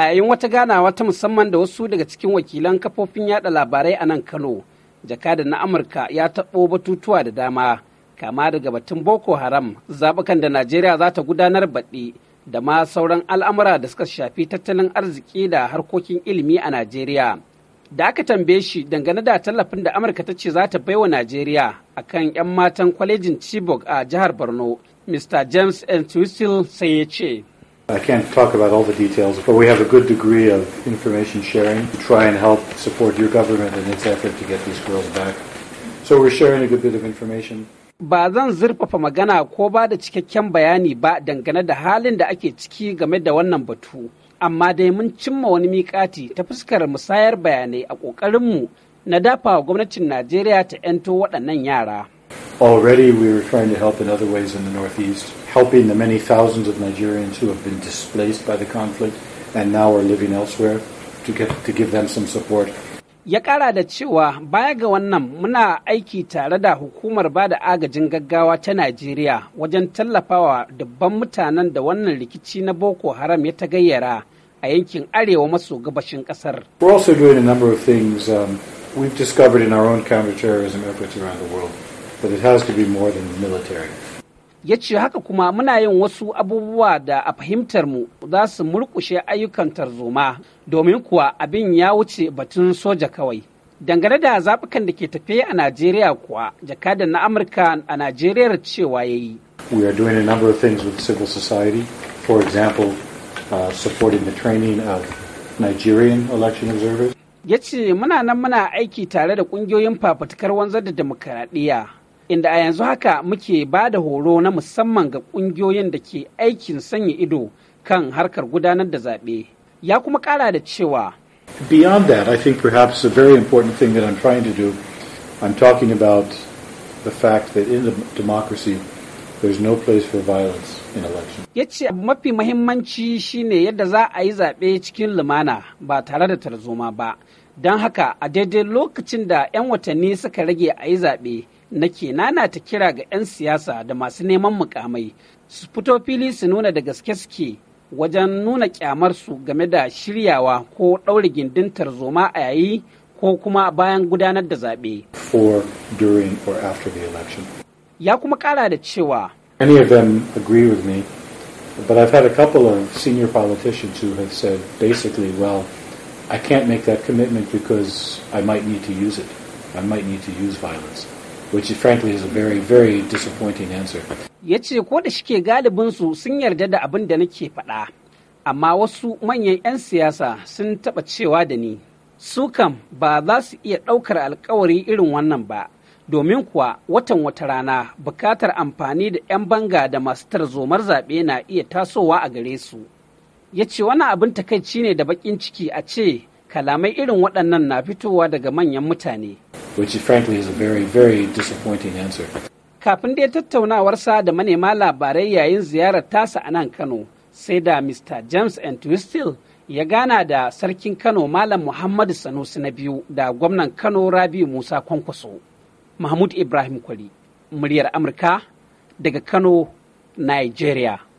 a yayin wata ganawa ta musamman da wasu daga cikin wakilan kafofin yada labarai a nan kano jakadan na amurka ya taɓo batutuwa da dama kama daga batun boko haram zaɓukan da najeriya za ta gudanar baɗi da ma sauran al'amura da suka shafi tattalin arziki da harkokin ilimi a najeriya da aka tambaye shi dangane da tallafin da amurka ta ce za ta baiwa najeriya A kan 'yan matan kwalejin chibok a jihar borno mr james entwistle sai ya ce I can't talk about all the details, but we have a good degree of information sharing to try and help support your government in its effort to get these girls back. So we're sharing a good bit of information. Ba zan zurfafa magana ko ba da cikakken bayani ba dangane da halin da ake ciki game da wannan batu, amma dai mun cimma wani miƙati ta fuskar musayar bayanai a ƙoƙarinmu na dafa gwamnatin Najeriya ta 'yanto waɗannan yara. Already we were trying to help in other ways in the Northeast, helping the many thousands of Nigerians who have been displaced by the conflict and now are living elsewhere to, get, to give them some support. ya kara da cewa baya ga wannan muna aiki tare da hukumar ba da agajin gaggawa ta najeriya wajen tallafawa dubban mutanen da wannan rikici na boko haram ya tagayyara a yankin arewa maso gabashin kasar we're also doing a number of things um, we've discovered in our own counterterrorism efforts around the world but it has to be more than the military. ya ce haka kuma muna yin wasu abubuwa da a fahimtar mu za su murkushe ayyukan tarzoma domin kuwa abin ya wuce batun soja kawai dangane da zaɓukan da ke tafe a najeriya kuwa jakadan na amurka a najeriya cewa ya yi we are doing a number of things with civil society for example uh, supporting the training of nigerian election observers ya ce muna nan muna aiki tare da ƙungiyoyin fafutukar wanzar da demokaradiyya inda a yanzu haka muke ba da horo na musamman ga ƙungiyoyin da ke aikin sanya ido kan harkar gudanar da zaɓe. Ya kuma ƙara da cewa. Beyond that, I think perhaps a very important thing that I'm trying to do, I'm talking about the fact that in the democracy, there's no place for violence in election. Ya ce mafi mahimmanci shine yadda za a yi zaɓe cikin lumana ba tare da tarzoma ba. Don haka a daidai lokacin da 'yan watanni suka rage a yi zaɓe nake ta kira ga 'yan siyasa da masu neman mukamai su fito fili su nuna da gaske suke wajen nuna kyamarsu game da shiryawa ko ɗaure gindin tarzoma a yayi ko kuma bayan gudanar da zaɓe. Ya kuma kara da cewa. Many of them agree with me, but I've had a couple of senior politicians who have said basically, well, I can't make that commitment because I might need to use it. I might need to use violence. which frankly is a very very disappointing answer. Yace ko da shike galibin su sun yarda da abin da nake faɗa, amma wasu manyan 'yan siyasa sun taɓa cewa da ni, su kam ba za su iya ɗaukar alkawari irin wannan ba, domin kuwa watan wata rana bukatar amfani da 'yan banga da masu tarzomar zaɓe na iya tasowa a gare su. yace wani abin takaici ne da baƙin ciki a ce kalamai irin waɗannan na fitowa daga manyan mutane. which frankly is a very, very disappointing answer. Kafin dai tattaunawarsa da manema labarai yayin ziyarar tasa a nan Kano, sai da Mr. James Entwistle ya gana da Sarkin Kano Malam Muhammadu Sanusi na biyu da gwamnan Kano Rabi Musa Kwankwaso. Mahmud Ibrahim Kwari, muryar Amurka daga Kano, Nigeria.